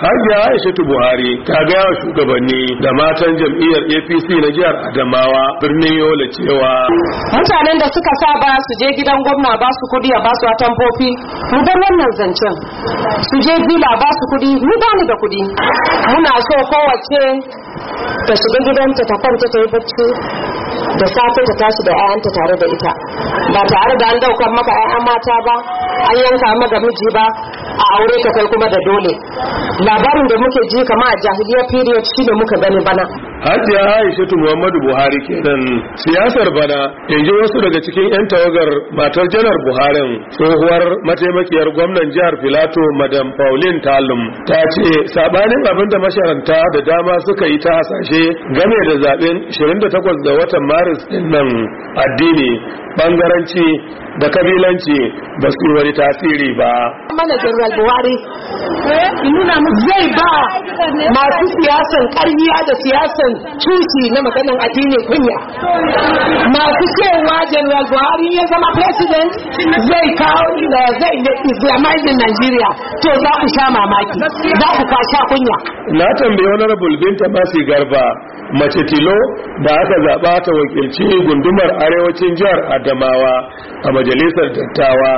Hajiya Aishatu Buhari ta gaya wa shugabanni da matan jam'iyyar APC na jihar Adamawa birnin Yola cewa mutanen da suka sa ba su je gidan gwamna ba su kudi a ba su atamfofi mu bar wannan zancen su je vila ba su kudi mu ba da kudi muna so kowace ta shiga gidanta ta kwanta ta yi bacci da safe ta tashi da 'ya'yanta tare da ita ba tare da an daukar maka 'ya'ya mata ba an yanka maka miji ba a aure ka kai kuma da dole labarin da muke ji kama a jahiliya period shi ne muka gani bana hajiya Aisha aishatu muhammadu buhari kenan siyasar bana yanzu wasu daga cikin yan tawagar matar janar Buhari. tsohuwar mataimakiyar gwamnan jihar filato madam pauline talum ta ce sabanin abin da masharanta da dama suka yi ta hasashe game da zaben 28 ga watan maris din nan addini bangaranci da kabilanci ba su yi wani tasiri ba mana general buhari zai ba masu siyasan karniya da siyasan cuci na maganin addini kunya masu cewa general buhari ya zama president zai kawo zai islamizing nigeria to za ku sha mamaki za ku kwasha kunya na tambayi honorable binta masu garba mace tilo da aka zaba ta wakilci gundumar arewacin jihar adamawa a majalisar dattawa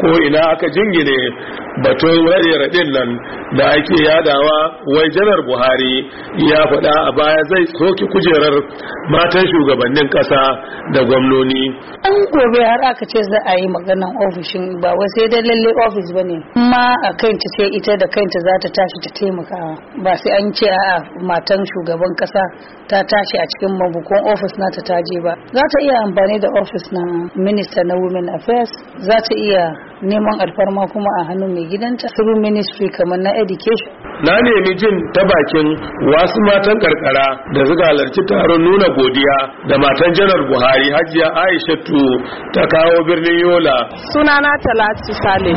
ko ina aka jingine batun raɗe radin nan da ake yadawa wai janar buhari ya faɗa a baya zai soki kujerar matan shugabannin ƙasa da gwamnoni an gobe har aka ce za a yi magana ofishin ba wai sai dai lalle ofis ba ne amma a kanta sai ita da kanta za ta tashi ta taimakawa ba sai an ce a matan shugaban ƙasa ta tashi a cikin mabukon ofis na ta taje ba za ta iya amfani da ofis na minista na women affairs za ta iya neman alfarma kuma a hannun mai gidanta through ministry kamar na education na nemi jin ta bakin wasu matan karkara da suka halarci taron nuna godiya da matan janar buhari hajiya aishatu ta kawo birnin yola sunana talatu sale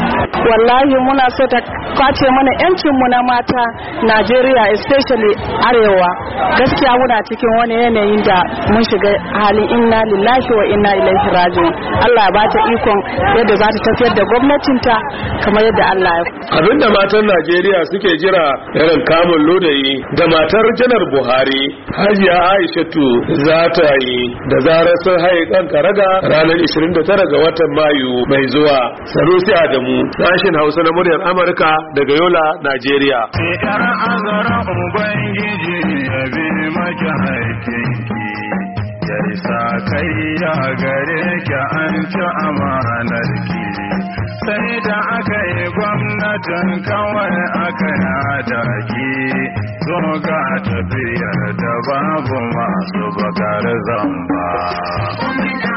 wallahi muna so ta kwace mana yancin mu na mata najeriya especially arewa gaskiya muna cikin wani yanayin da mun shiga halin inna lillahi wa inna ilaihi raji'un allah ba ta ikon yadda za ta tafiyar da gwamnatinta kamar yadda allah ya abinda matan najeriya suke jira irin kamun lodayi da matar janar buhari hajiya aishatu za ta yi da zarar sun haye kan karaga ranar 29 ga watan mayu mai zuwa sanusi adamu sashen hausa na muryar amurka daga yola nigeria ya isa kai ya gare ki an ci amana sai da aka yi gwamnatin kawai aka yi ki zo ga tafiyar da babu masu bakar zamba.